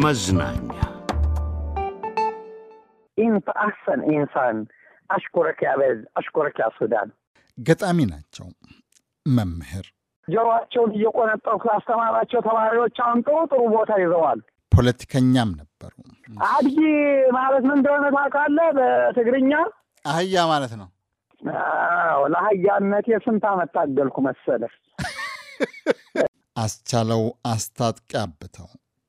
መዝናኛ አሰን ኢንሳን አሽኩረክ ያበዝ አሽኩረክ ያሱዳን ገጣሚ ናቸው፣ መምህር ጆሮቸውን እየቆነጠሩ ያስተማራቸው ተማሪዎች አሁን ጥሩ ጥሩ ቦታ ይዘዋል። ፖለቲከኛም ነበሩ። አድጊ ማለት ምን እንደሆነ ታውቃለህ? በትግርኛ አህያ ማለት ነው። ለአህያነቴ ስንት አመት ታገልኩ መሰለ አስቻለው አስታጥቅ አብተው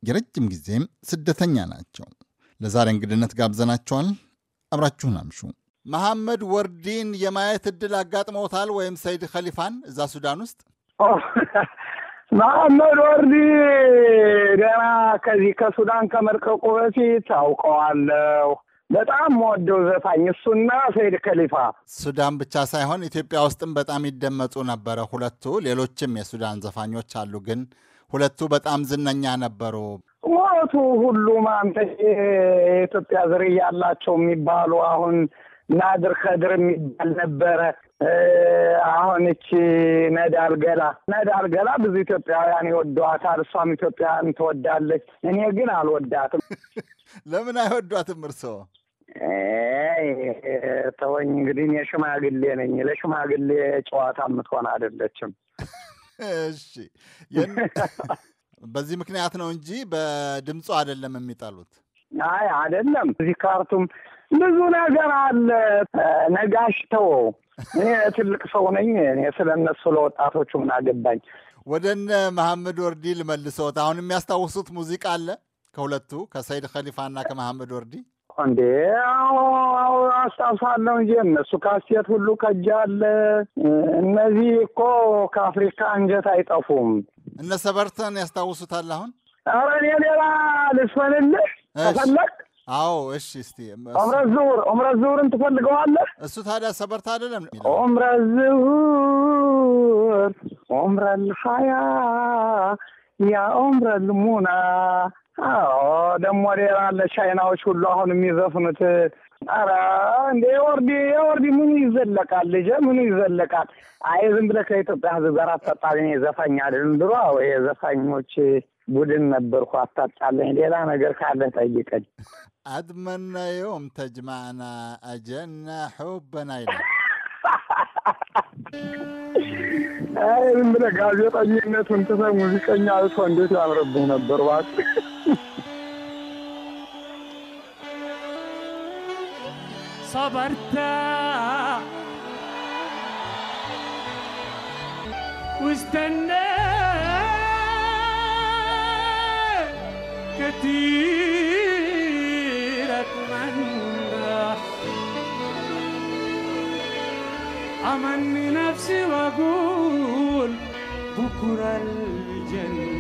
የረጅም ጊዜም ስደተኛ ናቸው። ለዛሬ እንግድነት ጋብዘናቸዋል። አብራችሁን አምሹ። መሐመድ ወርዲን የማየት እድል አጋጥመውታል? ወይም ሰይድ ከሊፋን እዛ ሱዳን ውስጥ መሐመድ ወርዲ ገና ከዚህ ከሱዳን ከመርቀቁ በፊት አውቀዋለሁ። በጣም ወደው ዘፋኝ እሱና ሰይድ ከሊፋ። ሱዳን ብቻ ሳይሆን ኢትዮጵያ ውስጥም በጣም ይደመጡ ነበረ ሁለቱ። ሌሎችም የሱዳን ዘፋኞች አሉ ግን ሁለቱ በጣም ዝነኛ ነበሩ። ሞቱ ሁሉም አንተ የኢትዮጵያ ዝርያ ያላቸው የሚባሉ አሁን ናድር ከድር የሚባል ነበረ። አሁን እቺ ነዳል ገላ ነዳል ገላ ብዙ ኢትዮጵያውያን ይወዷታል። እሷም ኢትዮጵያውያን ትወዳለች። እኔ ግን አልወዳትም። ለምን አይወዷትም እርስዎ? ተወኝ እንግዲህ፣ እኔ ሽማግሌ ነኝ። ለሽማግሌ ጨዋታ የምትሆን አይደለችም። እሺ በዚህ ምክንያት ነው እንጂ በድምፁ አይደለም የሚጠሉት። አይ አይደለም። እዚህ ካርቱም ብዙ ነገር አለ። ነጋሽተው እኔ ትልቅ ሰው ነኝ። እኔ እነሱ ለወጣቶቹ ምን አገባኝ። ወደ እነ መሐመድ ወርዲ ልመልሰዎት። አሁን የሚያስታውሱት ሙዚቃ አለ ከሁለቱ ከሰይድ ከሊፋና ከመሐመድ ወርዲ እንዴ አስታውሳለሁ እንጂ እነሱ ካሴት ሁሉ ከእጄ አለ። እነዚህ እኮ ከአፍሪካ አንጀት አይጠፉም። እነ ሰበርተን ያስታውሱታል። አሁን ኧረ እኔ ሌላ ልስፈንልህ ከፈለግ አዎ እሺ፣ እስቲ ኦምረ ዙሁር ኦምረ ዙሁርን ትፈልገዋለህ? እሱ ታዲያ ሰበርታ አይደለም? ኦምረ ዝውር ኦምረ ልሀያ ያ ኦምረ ልሙና አዎ ደግሞ ሌላ አለ። ቻይናዎች ሁሉ አሁን የሚዘፍኑት ኧረ እንደ የወርዲ የወርዲ ምኑ ይዘለቃል? ልጄ ምኑ ይዘለቃል? አይ ዝም ብለህ ከኢትዮጵያ ህዝብ ጋር አታጣልኝ። ዘፋኝ አይደለም ድሮ የዘፋኞች ቡድን ነበርኩ። አታጣልኝ። ሌላ ነገር ካለ ጠይቀኝ። አድመና ዮም ተጅማዕና አጀና ሑበና ይላል አይ ዝም ብለህ ጋዜጠኝነቱን ትተህ ሙዚቀኛ እሷ እንዴት ያምርብህ ነበር እባክህ። صبرت واستنيت كتير أمني نفسي وأقول بكرة الجنة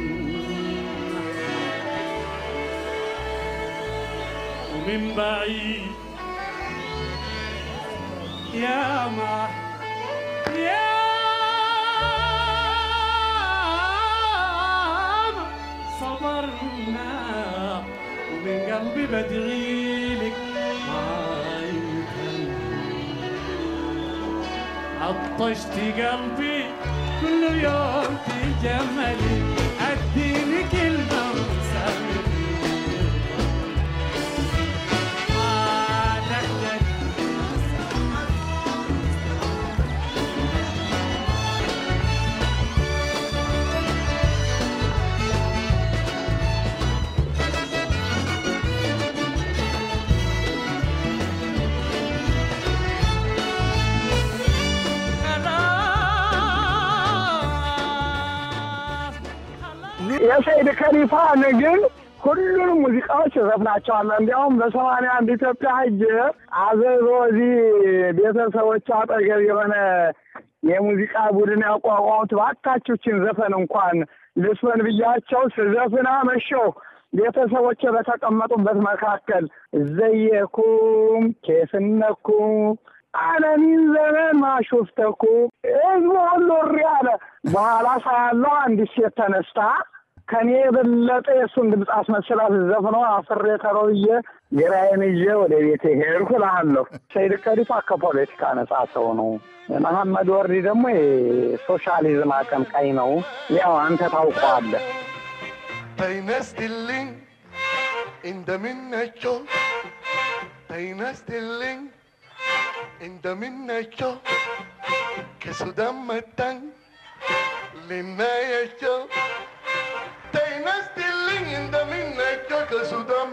ومن بعيد يا ما يا ما صبرنا ومن قلبي بدعي عطشت قلبي كل يوم في جمالي የሰይድ ከሊፋ ንግል ሁሉን ሙዚቃዎች እዘፍናቸዋለሁ። እንዲያውም በሰማንያ አንድ ኢትዮጵያ ህጅ አዘዞ እዚህ ቤተሰቦች አጠገብ የሆነ የሙዚቃ ቡድን ያቋቋሙት ባካችሁችን ዘፈን እንኳን ልስፈን ብያቸው ስዘፍና መሸው ቤተሰቦች በተቀመጡበት መካከል ዘየኩም ኬፍነኩም አለሚን ዘመን ማሹፍተኩም ህዝቡ ሁሉ እሪ አለ። በኋላ ሳያለው አንዲት ሴት ተነስታ ከኔ የበለጠ የእሱን ድምፅ አስመስላት ዘፍነው አፍሬ ተረውዬ የራዬን ይዤ ወደ ቤቴ ሄድኩ እልሃለሁ። ሰይድ ከዲቷ ከፖለቲካ ነጻ ሰው ነው። መሐመድ ወርዲ ደግሞ የሶሻሊዝም አቀንቃኝ ነው። ያው አንተ ታውቀዋለህ። ተይነስትልኝ እንደምነቾ ተይነስትልኝ እንደምነቾ ከሱዳን መጣን ልናያቸው ከሱዳን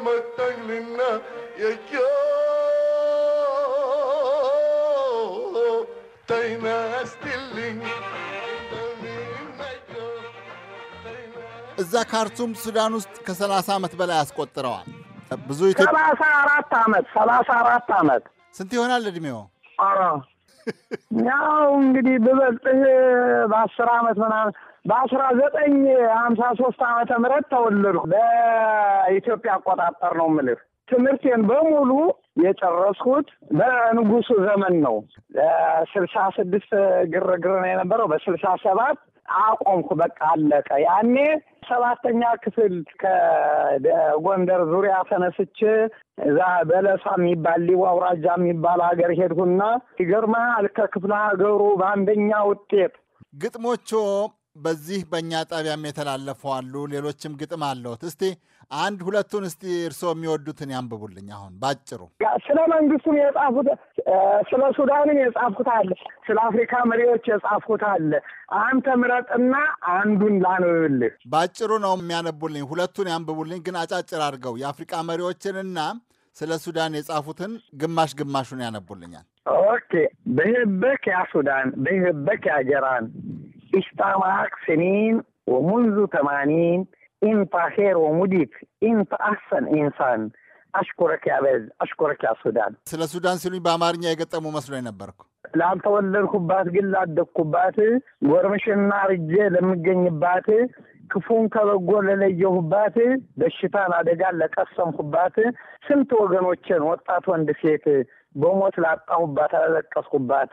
እዛ ካርቱም ሱዳን ውስጥ ከ30 ዓመት በላይ አስቆጥረዋል። ብዙ ሰላሳ አራት ዓመት ሰላሳ አራት ዓመት ስንት ይሆናል እድሜው? ያው እንግዲህ ብበልጥህ በአስር አመት ምናምን በአስራ ዘጠኝ ሀምሳ ሶስት አመተ ምህረት ተወለድኩ በኢትዮጵያ አቆጣጠር ነው ምልህ ትምህርቴን በሙሉ የጨረስኩት በንጉሱ ዘመን ነው። ስልሳ ስድስት ግርግር ነው የነበረው። በስልሳ ሰባት አቆምኩ። በቃ አለቀ። ያኔ ሰባተኛ ክፍል ከጎንደር ዙሪያ ተነስቼ እዛ በለሳ የሚባል ሊቦ አውራጃ የሚባል ሀገር ሄድኩና ይገርምሃል ከክፍለ ሀገሩ በአንደኛ ውጤት ግጥሞቹ በዚህ በእኛ ጣቢያም የተላለፉ አሉ። ሌሎችም ግጥም አለሁት። እስቲ አንድ ሁለቱን እስቲ እርስዎ የሚወዱትን ያንብቡልኝ። አሁን ባጭሩ ስለ መንግስቱም የጻፉት ስለ ሱዳንም የጻፍኩት አለ፣ ስለ አፍሪካ መሪዎች የጻፍኩት አለ። አንተ ምረጥና አንዱን ላንብብልህ። ባጭሩ ነው የሚያነቡልኝ። ሁለቱን ያንብቡልኝ ግን አጫጭር አድርገው የአፍሪካ መሪዎችንና ስለ ሱዳን የጻፉትን ግማሽ ግማሹን ያነቡልኛል። ኦኬ ብህበክ ያ ሱዳን ብህበክ ያ ጀራን اجتمعت سنين ومنذ ثمانين انت خير ومضيف انت احسن انسان አሽኩረክ ያበዝ አሽኩረክ ያ ሱዳን ስለ ሱዳን ሲሉኝ በአማርኛ የገጠሙ መስሎኝ ነበርኩ። ላልተወለድኩባት ግን ላደግኩባት፣ ጎርምሽና ርጄ ለምገኝባት፣ ክፉን ከበጎ ለለየሁባት፣ በሽታን አደጋን ለቀሰምኩባት፣ ስንት ወገኖችን ወጣት ወንድ ሴት በሞት ላጣሁባት፣ አላለቀስኩባት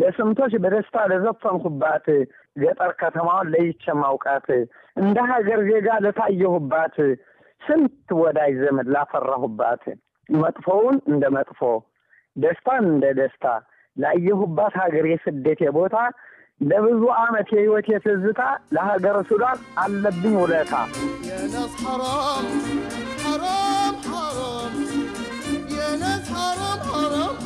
ለስንቶች በደስታ ለዘፈንኩባት ገጠር ከተማውን ለይቼ ማውቃት እንደ ሀገር ዜጋ ለታየሁባት ስንት ወዳጅ ዘመድ ላፈራሁባት መጥፎውን እንደ መጥፎ ደስታን እንደ ደስታ ላየሁባት ሀገር የስደቴ ቦታ ለብዙ ዓመት የሕይወት የትዝታ ለሀገር ሱዳን አለብኝ ውለታ። የነስ ሐራም ሐራም የነስ ሐራም ሐራም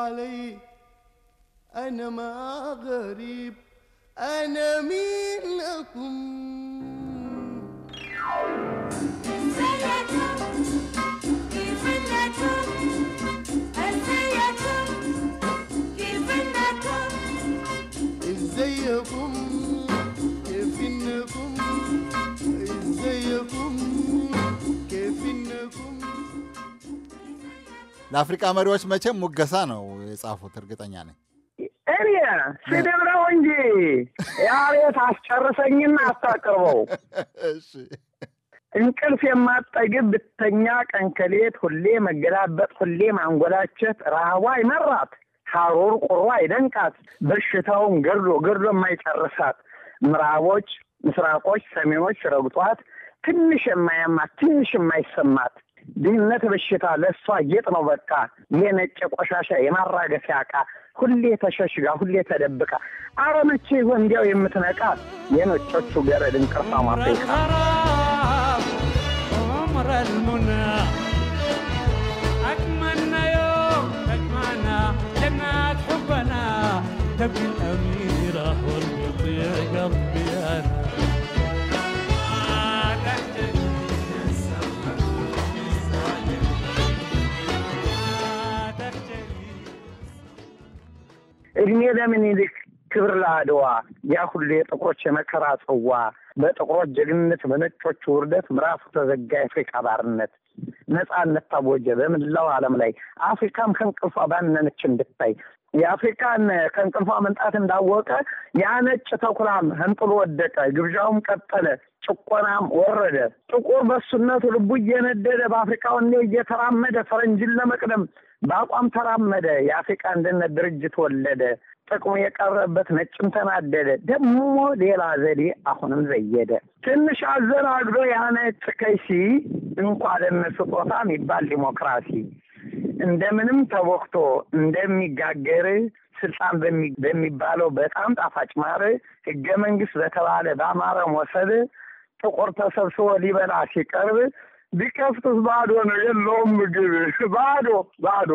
علي أنا ما غريب أنا مين لكم فلتم فلتم ለአፍሪቃ መሪዎች መቼም ሙገሳ ነው የጻፉት፣ እርግጠኛ ነኝ። እኔ ስደብረው እንጂ ያቤት አስጨርሰኝና አታቅርበው። እንቅልፍ የማጠግብ ብተኛ ቀንከሌት ሁሌ መገላበጥ፣ ሁሌ ማንጎላቸት፣ ረሃቧ ይመራት ሐሩር ቁሯ አይደንቃት፣ በሽታውም ገድሎ ገድሎ የማይጨርሳት ምዕራቦች፣ ምስራቆች፣ ሰሜኖች ረግጧት ትንሽ የማያማት ትንሽ የማይሰማት ድህነት በሽታ ለእሷ ጌጥ ነው። በቃ የነጭ ቆሻሻ የማራገፊያ ዕቃ ሁሌ ተሸሽጋ፣ ሁሌ ተደብቃ አረ መቼ ይሆን እንዲያው የምትነቃ የነጮቹ ገረድ እንቅርፋ ማፍሪካ أكملنا يوم ተብልጠሚ እድሜ ለምኒልክ ክብር ለአድዋ ያ ሁሉ የጥቁሮች የመከራ ጽዋ በጥቁሮች ጀግንነት በነጮች ውርደት ምዕራፉ ተዘጋ የአፍሪካ ባርነት ነፃነት ታወጀ በምላው ዓለም ላይ አፍሪካም ከእንቅልፏ ባነነች እንድታይ የአፍሪካን ከእንቅልፏ መንጣት እንዳወቀ ያ ነጭ ተኩላም ህንጥሎ ወደቀ። ግብዣውም ቀጠለ፣ ጭቆናም ወረደ። ጥቁር በሱነቱ ልቡ እየነደደ በአፍሪካ ወኔ እየተራመደ ፈረንጅን ለመቅደም በአቋም ተራመደ። የአፍሪካ አንድነት ድርጅት ወለደ። ጥቅሙ የቀረበት ነጭም ተናደደ። ደግሞ ሌላ ዘዴ አሁንም ዘየደ። ትንሽ አዘናግዶ ያ ነጭ እንኳ ለነ ስጦታ የሚባል ዲሞክራሲ እንደምንም ተቦክቶ እንደሚጋገር ስልጣን በሚባለው በጣም ጣፋጭ ማር ህገ መንግስት በተባለ በአማረ ወሰድ ጥቁር ተሰብስቦ ሊበላ ሲቀርብ ቢከፍቱት ባዶ ነው፣ የለውም ምግብ ባዶ ባዶ።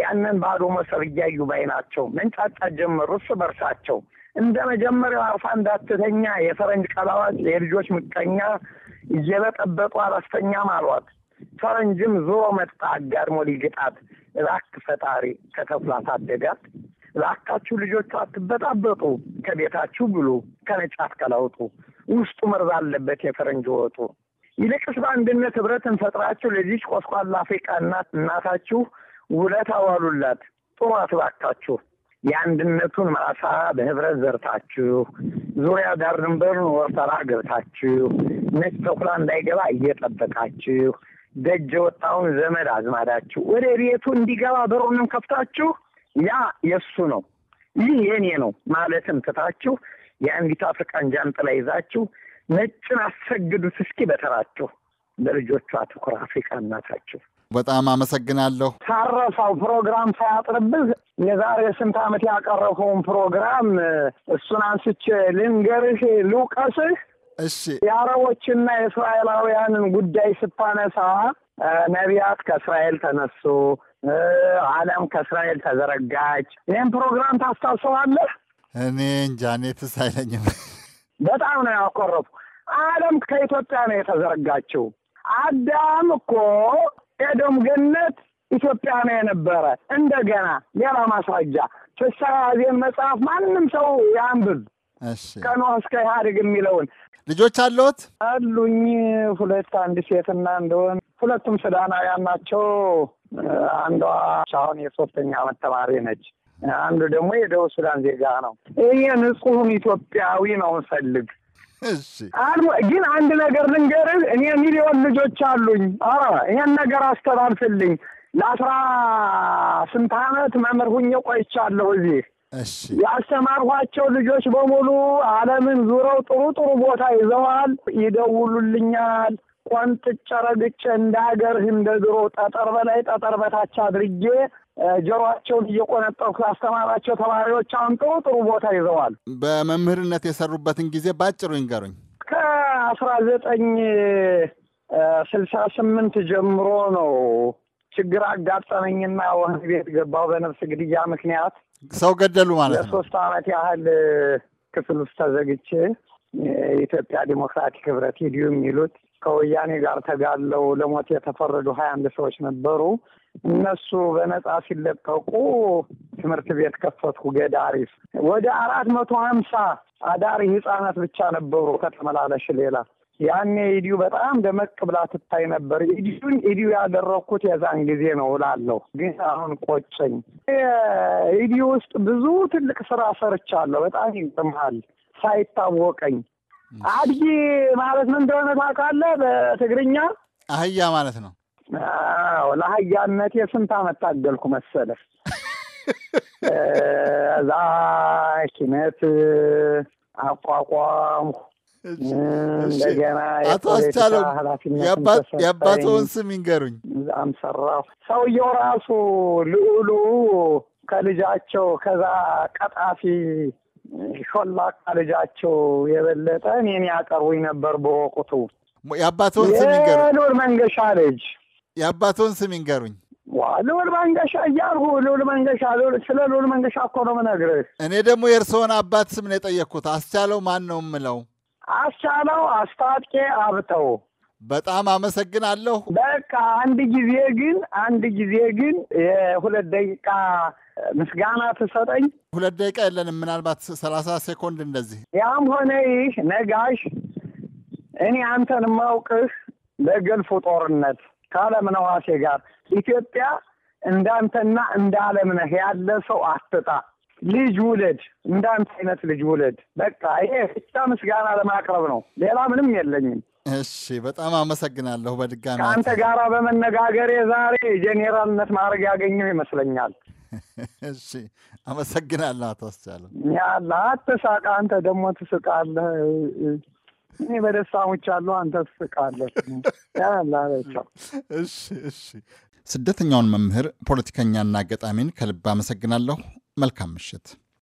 ያንን ባዶ መሰብ እያዩ ባይናቸው መንጫጫ ጀመሩ እርስ በርሳቸው። እንደ መጀመሪያው አርፋ እንዳትተኛ የፈረንጅ ቀላዋጭ የልጆች ምቀኛ እየበጠበጡ አላስተኛም አሏት። ፈረንጅም ዞሮ መጣ አጋድሞ ሊግጣት። እባክህ ፈጣሪ ከተኩላ ሳደጋት። እባካችሁ ልጆቹ አትበጣበጡ፣ ከቤታችሁ ብሉ፣ ከነጭ ከላውጡ ውስጡ መርዝ አለበት የፈረንጅ ወጡ። ይልቅስ በአንድነት ህብረትን ፈጥራችሁ ለዚች ቆስቋላ አፍሪቃ እናት እናታችሁ ውለት አዋሉላት ጥሩ አትባካችሁ። የአንድነቱን ማሳ በህብረት ዘርታችሁ ዙሪያ ዳር ድንበሩን ወርሰራ ገብታችሁ ነጭ ተኩላ እንዳይገባ እየጠበቃችሁ ደጅ ወጣውን ዘመድ አዝማዳችሁ ወደ ቤቱ እንዲገባ በሩንም ከፍታችሁ ያ የእሱ ነው ይህ የእኔ ነው ማለትም ትታችሁ የአንዲት አፍሪካን ጃንጥላ ይዛችሁ ነጭን አሰግዱት እስኪ በተራችሁ ለልጆቿ ትኩር አፍሪካ እናታችሁ። በጣም አመሰግናለሁ። ሳረሳው ፕሮግራም ሳያጥርብህ የዛሬ ስንት ዓመት ያቀረፈውን ፕሮግራም እሱን አንስቼ ልንገርህ ልውቀስህ እሺ የአረቦችና የእስራኤላውያንን ጉዳይ ስታነሳ ነቢያት ከእስራኤል ተነሱ፣ ዓለም ከእስራኤል ተዘረጋች። ይህን ፕሮግራም ታስታውሰዋለህ? እኔ እንጃ፣ እኔ ትዝ አይለኝም። በጣም ነው ያኮረፉ። ዓለም ከኢትዮጵያ ነው የተዘረጋችው። አዳም እኮ ኤዶም ገነት ኢትዮጵያ ነው የነበረ። እንደገና ሌላ ማስረጃ ፍስሐ ዜን መጽሐፍ ማንም ሰው ያንብብ ከኖህ እስከ ኢህአዴግ የሚለውን ልጆች አለዎት? አሉኝ ሁለት፣ አንድ ሴትና እንደሆን ሁለቱም ሱዳናውያን ናቸው። አንዷ አሁን የሶስተኛ ዓመት ተማሪ ነች። አንዱ ደግሞ የደቡብ ሱዳን ዜጋ ነው። ይህ ንጹሑን ኢትዮጵያዊ ነው እንፈልግ ግን አንድ ነገር ልንገርህ፣ እኔ ሚሊዮን ልጆች አሉኝ። ኧረ ይሄን ነገር አስተላልፍልኝ። ለአስራ ስንት ዓመት መምህር ሁኜ ቆይቻለሁ እዚህ ያስተማርኋቸው ልጆች በሙሉ ዓለምን ዙረው ጥሩ ጥሩ ቦታ ይዘዋል። ይደውሉልኛል። ቆንጥጬ ረግጬ እንደ ሀገርህ እንደ ድሮ ጠጠር በላይ ጠጠር በታች አድርጌ ጆሮቸውን እየቆነጠርኩ ያስተማራቸው ተማሪዎች አሁን ጥሩ ጥሩ ቦታ ይዘዋል። በመምህርነት የሰሩበትን ጊዜ ባጭሩ ይንገሩኝ። ከአስራ ዘጠኝ ስልሳ ስምንት ጀምሮ ነው ችግር አጋጠመኝና ወህኒ ቤት ገባሁ በነፍስ ግድያ ምክንያት ሰው ገደሉ ማለት ነው። ለሶስት አመት ያህል ክፍል ውስጥ ተዘግቼ የኢትዮጵያ ዲሞክራቲክ ህብረት ሂዲዩ የሚሉት ከወያኔ ጋር ተጋለው ለሞት የተፈረዱ ሀያ አንድ ሰዎች ነበሩ። እነሱ በነጻ ሲለቀቁ ትምህርት ቤት ከፈትኩ ገዳሪፍ ወደ አራት መቶ ሀምሳ አዳሪ ህጻናት ብቻ ነበሩ ከተመላለሽ ሌላ ያኔ ኢዲዩ በጣም ደመቅ ብላ ትታይ ነበር። ኢዲዩን ኢዲዩ ያደረግኩት የዛን ጊዜ ነው እላለሁ፣ ግን አሁን ቆጨኝ። ኢዲዩ ውስጥ ብዙ ትልቅ ስራ ሰርቻለሁ። በጣም ይጥምሃል ሳይታወቀኝ። አድጊ ማለት ምን እንደሆነ ታውቃለህ? በትግርኛ አህያ ማለት ነው። ለአህያነት የስንት አመት ታገልኩ መሰለህ? እዛ ኪነት አቋቋም አቶ አስቻለው የአባቶውን ስም ይንገሩኝ። እዛም ሰራሁ። ሰውየው ራሱ ልዑሉ ከልጃቸው ከዛ ቀጣፊ ሾላቃ ልጃቸው የበለጠ እኔን ያቀርቡኝ ነበር በወቅቱ። የአባቶውን ስም ይንገሩኝ። ልዑል መንገሻ ልጅ የአባቶውን ስም ይንገሩኝ። ልዑል መንገሻ እያልሁ ልዑል መንገሻ ስለ ልዑል መንገሻ እኮ ነው የምነግርህ። እኔ ደግሞ የእርስዎን አባት ስም ነው የጠየቅኩት። አስቻለው ማን ነው የምለው? አስቻለው አስታጥቄ አብተው በጣም አመሰግናለሁ። በቃ አንድ ጊዜ ግን አንድ ጊዜ ግን የሁለት ደቂቃ ምስጋና ትሰጠኝ። ሁለት ደቂቃ የለንም፣ ምናልባት ሰላሳ ሴኮንድ እንደዚህ። ያም ሆነ ይህ ነጋሽ፣ እኔ አንተን ማውቅህ በገልፉ ጦርነት ከአለምነህ ዋሴ ጋር ኢትዮጵያ እንዳንተና እንደ አለምነህ ያለ ሰው አትጣ ልጅ ውለድ፣ እንዳንተ አይነት ልጅ ውለድ። በቃ ይሄ ብቻ ምስጋና ለማቅረብ ነው። ሌላ ምንም የለኝም። እሺ፣ በጣም አመሰግናለሁ። በድጋሚ ከአንተ ጋራ በመነጋገሬ ዛሬ ጄኔራልነት ማድረግ ያገኘው ይመስለኛል። እሺ፣ አመሰግናለሁ አቶ አስቻለሁ። ያለ አትሳቅ፣ አንተ ደግሞ ትስቃለህ። እኔ በደስታ ሙቻለሁ፣ አንተ ትስቃለህ። ያለ እሺ፣ እሺ። ስደተኛውን መምህር ፖለቲከኛና ገጣሚን ከልብ አመሰግናለሁ። መልካም ምሽት።